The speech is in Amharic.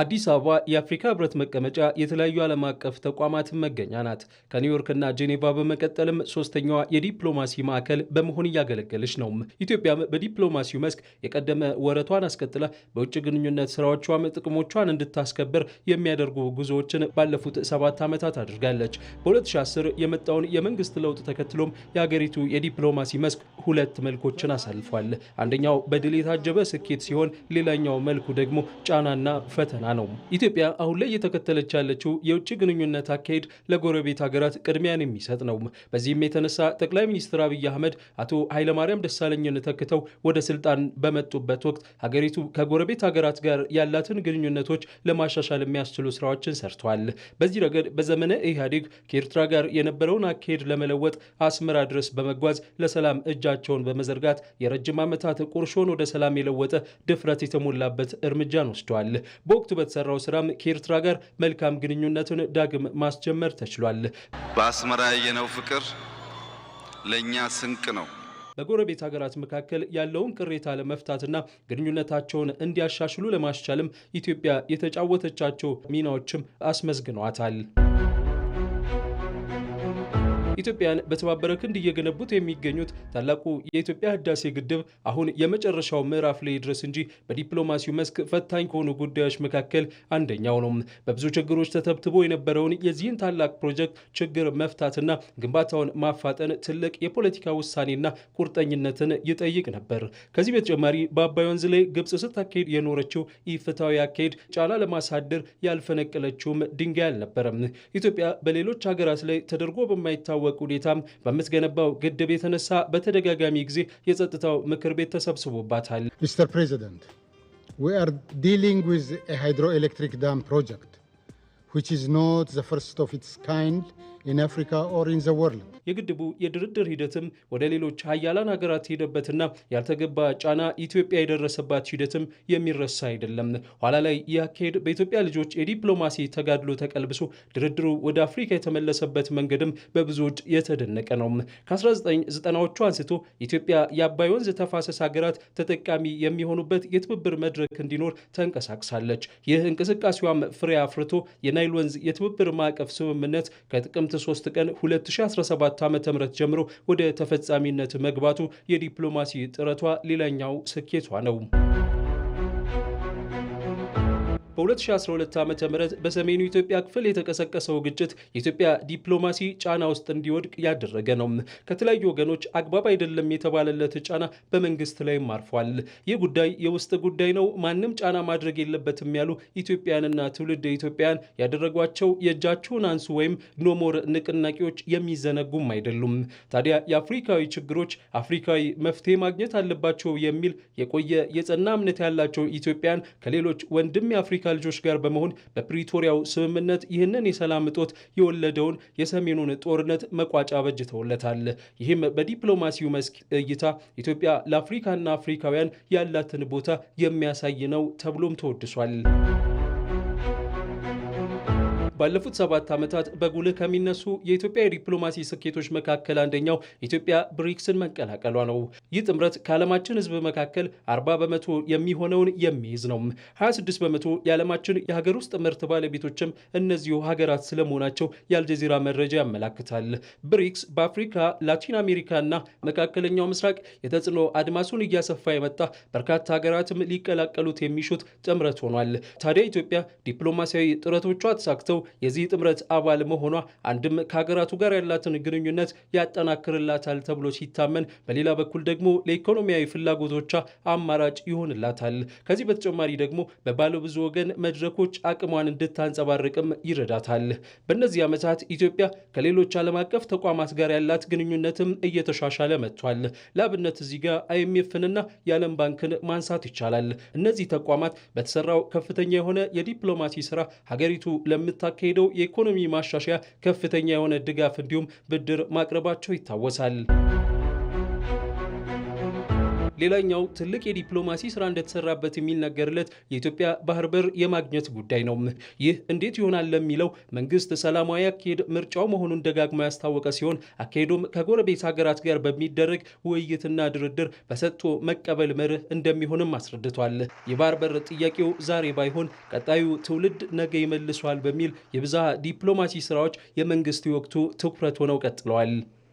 አዲስ አበባ የአፍሪካ ህብረት መቀመጫ የተለያዩ ዓለም አቀፍ ተቋማትን መገኛ ናት። ከኒውዮርክና ጄኔቫ በመቀጠልም ሶስተኛዋ የዲፕሎማሲ ማዕከል በመሆን እያገለገለች ነው። ኢትዮጵያም በዲፕሎማሲው መስክ የቀደመ ወረቷን አስቀጥላ በውጭ ግንኙነት ስራዎቿም ጥቅሞቿን እንድታስከብር የሚያደርጉ ጉዞዎችን ባለፉት ሰባት ዓመታት አድርጋለች። በ2010 የመጣውን የመንግስት ለውጥ ተከትሎም የአገሪቱ የዲፕሎማሲ መስክ ሁለት መልኮችን አሳልፏል። አንደኛው በድል የታጀበ ስኬት ሲሆን፣ ሌላኛው መልኩ ደግሞ ጫናና ፈተና ጫና ነው። ኢትዮጵያ አሁን ላይ እየተከተለች ያለችው የውጭ ግንኙነት አካሄድ ለጎረቤት ሀገራት ቅድሚያን የሚሰጥ ነው። በዚህም የተነሳ ጠቅላይ ሚኒስትር አብይ አህመድ አቶ ኃይለማርያም ደሳለኝን ተክተው ወደ ስልጣን በመጡበት ወቅት ሀገሪቱ ከጎረቤት ሀገራት ጋር ያላትን ግንኙነቶች ለማሻሻል የሚያስችሉ ስራዎችን ሰርተዋል። በዚህ ረገድ በዘመነ ኢህአዴግ ከኤርትራ ጋር የነበረውን አካሄድ ለመለወጥ አስመራ ድረስ በመጓዝ ለሰላም እጃቸውን በመዘርጋት የረጅም ዓመታት ቁርሾን ወደ ሰላም የለወጠ ድፍረት የተሞላበት እርምጃን ወስደዋል። በወቅቱ በወቅቱ በተሰራው ስራም ከኤርትራ ጋር መልካም ግንኙነትን ዳግም ማስጀመር ተችሏል። በአስመራ ያየነው ፍቅር ለእኛ ስንቅ ነው። በጎረቤት ሀገራት መካከል ያለውን ቅሬታ ለመፍታትና ግንኙነታቸውን እንዲያሻሽሉ ለማስቻልም ኢትዮጵያ የተጫወተቻቸው ሚናዎችም አስመዝግኗታል። ኢትዮጵያን በተባበረ ክንድ እየገነቡት የሚገኙት ታላቁ የኢትዮጵያ ህዳሴ ግድብ አሁን የመጨረሻው ምዕራፍ ላይ ድረስ እንጂ በዲፕሎማሲው መስክ ፈታኝ ከሆኑ ጉዳዮች መካከል አንደኛው ነው። በብዙ ችግሮች ተተብትቦ የነበረውን የዚህን ታላቅ ፕሮጀክት ችግር መፍታትና ግንባታውን ማፋጠን ትልቅ የፖለቲካ ውሳኔና ቁርጠኝነትን ይጠይቅ ነበር። ከዚህ በተጨማሪ በአባይ ወንዝ ላይ ግብፅ ስታካሄድ የኖረችው ኢፍትሐዊ አካሄድ ጫና ለማሳደር ያልፈነቀለችውም ድንጋይ አልነበረም። ኢትዮጵያ በሌሎች ሀገራት ላይ ተደርጎ በማይታወ በማይታወቅ ሁኔታም በምትገነባው ግድብ የተነሳ በተደጋጋሚ ጊዜ የጸጥታው ምክር ቤት ተሰብስቦባታል። ሚስተር ፕሬዚደንት ዊ አር ዲሊንግ ዊዝ ሃይድሮኤሌክትሪክ ዳም ፕሮጀክት ዊች ኢዝ ኖት ዘ ፈርስት ኦፍ ኢትስ ካይንድ ኢን አፍሪካ ኦር ኢን ዘ ወርልድ። የግድቡ የድርድር ሂደትም ወደ ሌሎች ሀያላን ሀገራት ሄደበትና ያልተገባ ጫና ኢትዮጵያ የደረሰባት ሂደትም የሚረሳ አይደለም። ኋላ ላይ ያካሄድ በኢትዮጵያ ልጆች የዲፕሎማሲ ተጋድሎ ተቀልብሶ ድርድሩ ወደ አፍሪካ የተመለሰበት መንገድም በብዙዎች የተደነቀ ነው። ከ1990ዎቹ አንስቶ ኢትዮጵያ የአባይ ወንዝ ተፋሰስ ሀገራት ተጠቃሚ የሚሆኑበት የትብብር መድረክ እንዲኖር ተንቀሳቅሳለች። ይህ እንቅስቃሴዋም ፍሬ አፍርቶ የናይል ወንዝ የትብብር ማዕቀፍ ስምምነት ከጥቅምት ጥቅምት 3 ቀን 2017 ዓ ም ጀምሮ ወደ ተፈጻሚነት መግባቱ የዲፕሎማሲ ጥረቷ ሌላኛው ስኬቷ ነው። በ2012 ዓ ም በሰሜኑ ኢትዮጵያ ክፍል የተቀሰቀሰው ግጭት የኢትዮጵያ ዲፕሎማሲ ጫና ውስጥ እንዲወድቅ ያደረገ ነው። ከተለያዩ ወገኖች አግባብ አይደለም የተባለለት ጫና በመንግስት ላይም አርፏል። ይህ ጉዳይ የውስጥ ጉዳይ ነው፣ ማንም ጫና ማድረግ የለበትም ያሉ ኢትዮጵያንና ትውልድ ኢትዮጵያን ያደረጓቸው የእጃችሁን አንሱ ወይም ኖሞር ንቅናቄዎች የሚዘነጉም አይደሉም። ታዲያ የአፍሪካዊ ችግሮች አፍሪካዊ መፍትሄ ማግኘት አለባቸው የሚል የቆየ የጸና እምነት ያላቸው ኢትዮጵያን ከሌሎች ወንድም የአፍሪካ የአፍሪካ ልጆች ጋር በመሆን በፕሪቶሪያው ስምምነት ይህንን የሰላም እጦት የወለደውን የሰሜኑን ጦርነት መቋጫ በጅተውለታል። ይህም በዲፕሎማሲው መስክ እይታ ኢትዮጵያ ለአፍሪካና አፍሪካውያን ያላትን ቦታ የሚያሳይ ነው ተብሎም ተወድሷል። ባለፉት ሰባት ዓመታት በጉልህ ከሚነሱ የኢትዮጵያ የዲፕሎማሲ ስኬቶች መካከል አንደኛው ኢትዮጵያ ብሪክስን መቀላቀሏ ነው። ይህ ጥምረት ከዓለማችን ሕዝብ መካከል 40 በመቶ የሚሆነውን የሚይዝ ነው። 26 በመቶ የዓለማችን የሀገር ውስጥ ምርት ባለቤቶችም እነዚሁ ሀገራት ስለመሆናቸው የአልጀዚራ መረጃ ያመላክታል። ብሪክስ በአፍሪካ ላቲን አሜሪካና መካከለኛው ምስራቅ የተጽዕኖ አድማሱን እያሰፋ የመጣ በርካታ ሀገራትም ሊቀላቀሉት የሚሹት ጥምረት ሆኗል። ታዲያ ኢትዮጵያ ዲፕሎማሲያዊ ጥረቶቿ ተሳክተው የዚህ ጥምረት አባል መሆኗ አንድም ከሀገራቱ ጋር ያላትን ግንኙነት ያጠናክርላታል ተብሎ ሲታመን፣ በሌላ በኩል ደግሞ ለኢኮኖሚያዊ ፍላጎቶቿ አማራጭ ይሆንላታል። ከዚህ በተጨማሪ ደግሞ በባለ ብዙ ወገን መድረኮች አቅሟን እንድታንጸባርቅም ይረዳታል። በእነዚህ ዓመታት ኢትዮጵያ ከሌሎች ዓለም አቀፍ ተቋማት ጋር ያላት ግንኙነትም እየተሻሻለ መጥቷል። ለአብነት እዚህ ጋር አይኤምኤፍንና የዓለም ባንክን ማንሳት ይቻላል። እነዚህ ተቋማት በተሰራው ከፍተኛ የሆነ የዲፕሎማሲ ስራ ሀገሪቱ ለምታ ላካሄደው የኢኮኖሚ ማሻሻያ ከፍተኛ የሆነ ድጋፍ እንዲሁም ብድር ማቅረባቸው ይታወሳል። ሌላኛው ትልቅ የዲፕሎማሲ ስራ እንደተሰራበት የሚነገርለት የኢትዮጵያ ባህር በር የማግኘት ጉዳይ ነው። ይህ እንዴት ይሆናል ለሚለው መንግስት ሰላማዊ አካሄድ ምርጫው መሆኑን ደጋግሞ ያስታወቀ ሲሆን አካሄዱም ከጎረቤት ሀገራት ጋር በሚደረግ ውይይትና ድርድር በሰጥቶ መቀበል መርህ እንደሚሆንም አስረድቷል። የባህር በር ጥያቄው ዛሬ ባይሆን ቀጣዩ ትውልድ ነገ ይመልሷል በሚል የብዝሃ ዲፕሎማሲ ስራዎች የመንግስት የወቅቱ ትኩረት ሆነው ቀጥለዋል።